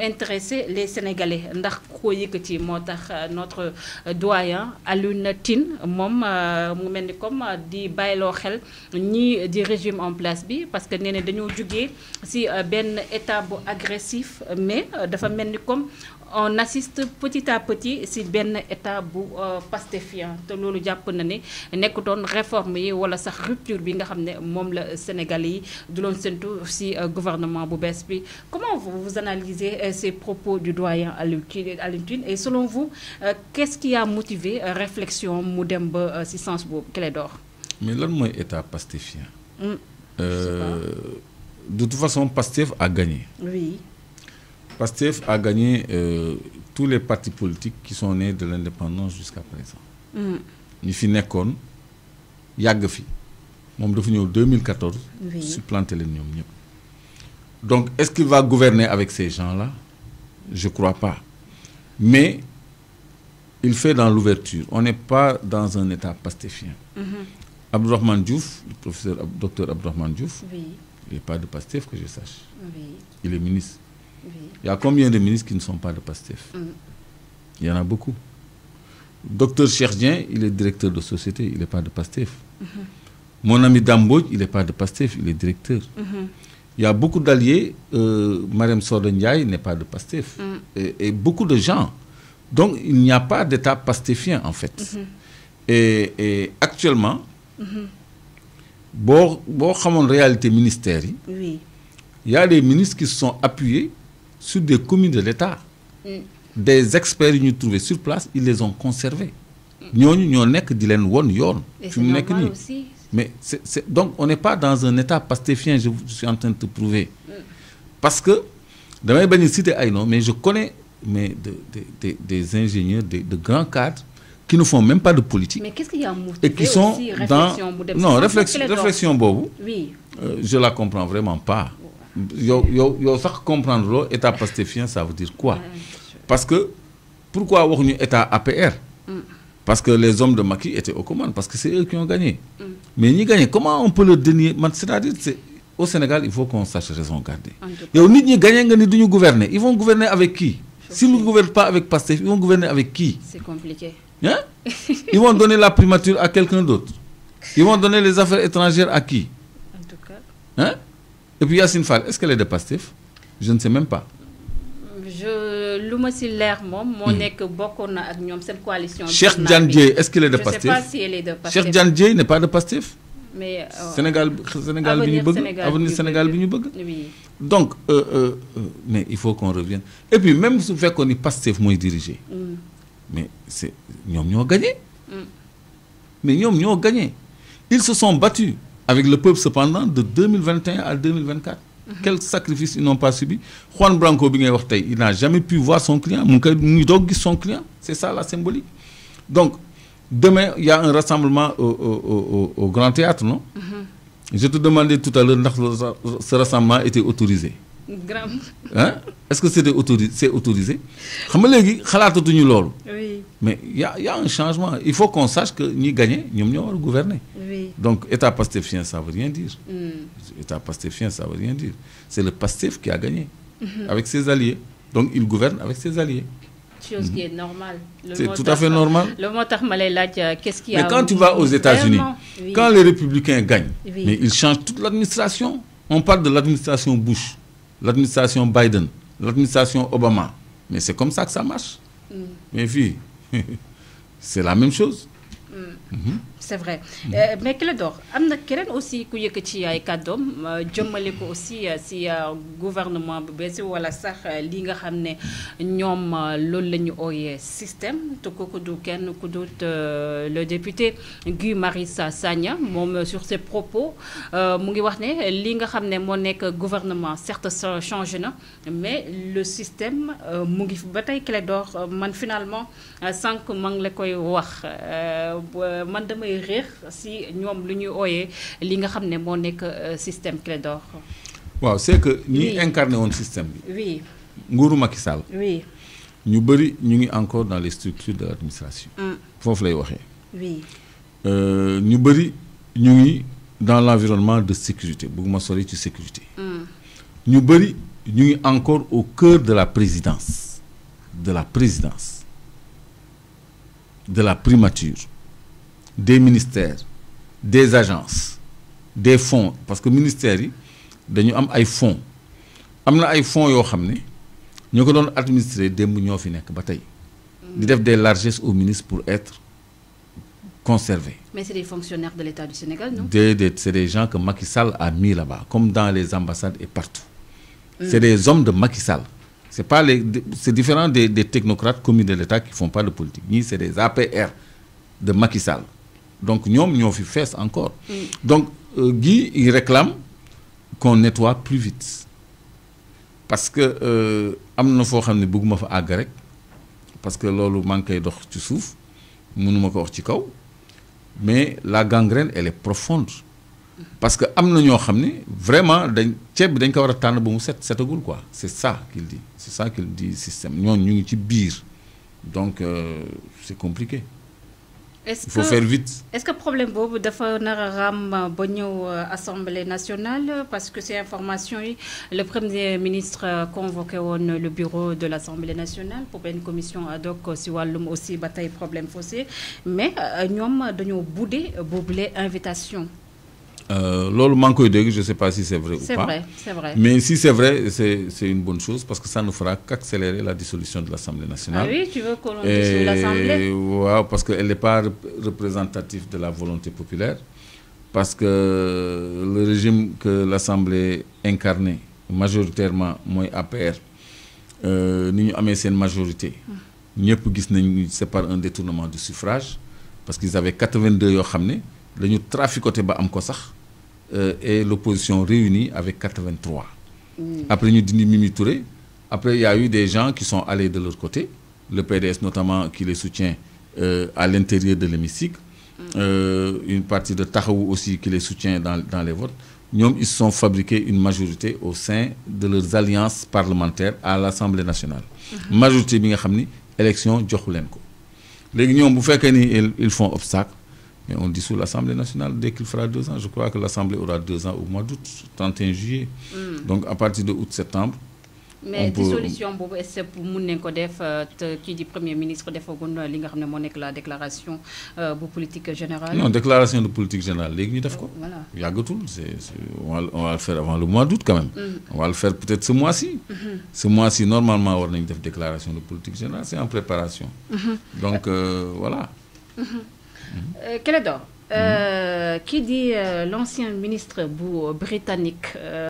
intéressé les Sénégalais ndax koo yëkkati moo euh, notre euh, doyen Alioune mom euh, mu melni comme di baylo xel ñi di régime en place bi parce que nee dañu juggé si ben état bu agressif mais dafa melni comme on assiste petit à petit si ben état bu pastéfien te lolu japp na ne nekkutoon réforme yi wala sax rupture bi nga xamné mom la Sénégalais yi du lon sentu si gouvernement bu bees bi comment vous vous analysez ces propos du doyen Alintune et selon vous euh, qu'est-ce qui a motivé euh, réflexion mu dem euh, si sens boobu Clédor mais lan est état hmm. Euh, de toute façon Pastef a gagné oui Pastef a gagné tous les partis politiques qui sont nés de l'indépendance jusqu'à présent Ni hmm. fi nekkoon yàgg fi en 2014 supplanté les ñoom donc, est-ce qu'il va gouverner avec ces gens-là Je ne crois pas. Mais il fait dans l'ouverture. On n'est pas dans un état pastéfien. Mm Abdourahman le professeur docteur Abdourahman Diouf, il n'est pas de pastef que je sache. Il est ministre. Il y a combien de ministres qui ne sont pas de pastef mm. Il y en a beaucoup. Docteur Cherdien, il est directeur de société, il n'est pas de pastef. Mhm. Mon ami Damboj, il n'est pas de pastef, il est directeur. Mhm il y a beaucoup d'alliés. Euh, Mariam Sordendiaï n'est pas de PASTEF. Mm. Et, beaucoup de gens. Donc, il n'y a pas d'État pastéfien, en fait. Mm-hmm. et, actuellement, mm-hmm. bon, réalité ministère, il y a des ministres qui se sont appuyés sur des communes de l'État. Mm. Des experts nous trouvaient sur place, ils les ont conservés. Mm. Nous, aussi mais donc, on n'est pas dans un état pastéfien, je, suis en train de te prouver. Parce que, mais je connais mais des ingénieurs, de, grands cadres, qui ne font même pas de politique. Mais qu'est-ce qu'il y a Et qui sont dans. Non, réflexion, réflexion Bobo, oui. Euh, je la comprends vraiment pas. Yo, yo, ça comprendre l'état pastéfien, ça veut dire quoi Parce que, pourquoi avoir un état APR mm. Parce que les hommes de Maki étaient au commandes, parce que c'est eux qui ont gagné. Mm. Mais ils gagné. Comment on peut le dénier au Sénégal, il faut qu'on sache raison garder. Et au ils gouverner. Ils vont gouverner avec qui S'ils ne gouvernent pas avec Pastef, ils vont gouverner avec qui C'est compliqué. Hein? ils vont donner la primature à quelqu'un d'autre. Ils vont donner les affaires étrangères à qui En tout cas. Hein? Et puis Yassine Fall, est-ce qu'elle est de Pastef Je ne sais même pas je luma ma si leer moom. moo hmm. nekk bokkoon na ak ñoom seen coalition. Cheikh Diane Dieye est-ce qu'il est de pastif je sais pas si elle est de pastif Cheikh Diane Dieye n'est pas de pastif mais euh, Sénégal Sénégal bi ñu bëgg avenir Sénégal bi ñu bëgg. donc euh, euh, mais il faut qu'on revienne et puis même su fekkoon ni pastif mooy diriger. Hmm. mais c'est ñoom ñoo gagné. Hmm. mais ñoom ñoo gagné ils se sont battus avec le peuple cependant de 2021 à 2024 quel sacrifice ils n'ont pas subi Juan Branco il n'a jamais pu voir son client son client c'est ça la symbolique donc demain il y a un rassemblement au Grand Théâtre non. Mm-hmm. je te demandais tout à l'heure ce rassemblement était autorisé. Hein? est-ce que c'est autorisé oui mais il y a un changement il faut qu'on sache que nous gagnons, nous ñoo gouverner. donc état pastéfien, ça veut rien dire. Hmm. état pastéfien, ça veut rien dire c'est le Pastef qui a gagné. Mhm. avec ses alliés donc il gouverne avec ses alliés. chose qui mhm. est C'est tout à fait normal. Le mot euh, qu'est-ce Mais quand tu vas aux États-Unis, quand les républicains gagnent, mais ils changent toute l'administration. On parle de l'administration Bush l'administration Biden, l'administration Obama. Mais c'est comme ça que ça marche. Mes mm. Mais c'est la même chose. Mm. Mhm c'est vrai mm. euh, mais Clédor am na keneen aussi ku yëkk ci ay kàddoom euh, jëmmale ko aussi euh, si gouvernement bu bees wala sax li nga xam ne ñoom loolu la système te kooku du kenn ku le député Guy marissa Sagna moom sur ses propos mu ngi wax ne li nga xam gouvernement certes changé mais le système mu ngi ba tey Clédor man finalement sans que ngi la koy wax man koy si ñoom lu ñuy ooyee li nga xam ne moo nekk euh, système waaw c'est que ñi incarné woon système bi. oui nguuru Macky oui ñu bëri ñu ngi encore dans les structures de l'administration. Mm. foofu lay oui euh, ñu bëri ñu ngi dans l'environnement de sécurité bëgguma sori ci sécurité. Mm. ñu bëri ñu ngi encore au cœur de la présidence de la présidence de la primature des ministères des agences des fonds parce que ministères ministère, dañu am ay fonds fonds Il y a des ko qui administrer des ñoo fi nekk Ils des largesses aux ministres pour être conservés. mais c'est des fonctionnaires de l'État du Sénégal non. c'est des gens que Macky Sall a mis là-bas comme dans les ambassades et partout. Mm. c'est des hommes de Macky Sall. c'est différent des technocrates commis de l'État qui font pas de politique Ni c'est des APR de Macky Sall. Donc, nous, nous fait encore. Mm. Donc, euh, Guy, il réclame qu'on nettoie plus vite. Parce que, euh, amna fo xamné bëgguma fa ag rek parce que lolu man kay dox ci souf mënuma ko wax ci kaw mais la gangrène elle est profonde parce que amna ño xamné vraiment dañ ciéb dañ ko wara tan bu mu set setagul quoi c'est ça qu'il dit c'est ça qu'il dit système nous on ngi ci biir donc euh, c'est compliqué est-ce que, faire Est-ce que problème Bob dafa nar a euh, assemblée nationale parce que ces informations le premier ministre euh, convoqué le bureau de l'assemblée nationale pour une commission ad hoc si aussi bataille problème fossé mais nous euh, avons boudé, Boublé invitation. Euh, L'ol manque je koy je sais pas si c'est vrai ou pas vrai, vrai. mais si c'est vrai c'est une bonne chose parce que ça ne fera qu'accélérer la dissolution de l'Assemblée nationale. Ah oui, tu veux qu'on dissolve l'Assemblée Oui, parce qu'elle n'est pas représentative de la volonté populaire parce que le régime que l'Assemblée incarnait majoritairement moins APR euh, nous avons une une majorité ñëpp gis c'est pas un détournement du suffrage parce qu'ils avaient 82 ans, nous avons trafiqué le ba am euh, et l'opposition réunie avec 83. Hmm. Après, nous dit Mimi Après, il y a eu des gens qui sont allés de leur côté. Le PDS notamment qui les soutient euh, à l'intérieur de l'hémicycle. Hmm. Euh, une partie de TAHOU aussi qui les soutient dans, les votes. ils se sont fabriqués une majorité au sein de leurs alliances parlementaires à l'Assemblée nationale. Hmm. Majorité, bien élection, Djokhoulenko. Les gens, vous font obstacle. Mais on dissout l'Assemblée nationale dès qu'il fera deux ans. Je crois que l'Assemblée aura deux ans au mois d'août, 31 juillet. Hmm. Donc à partir de août-septembre, mais dissolution solutions pour pour pour qui def qui euh, premier ministre de euh, li nga la déclaration euh, politique générale. non déclaration de politique générale Il ñu voilà Il on on va le faire avant le mois d'août quand même. Hmm. on va le faire peut être ce mois ci. Hmm. ce mois ci normalement on a une déclaration de politique générale C'est en préparation. donc voilà. Canada, euh, euh, qui dit euh, l'ancien ministre britannique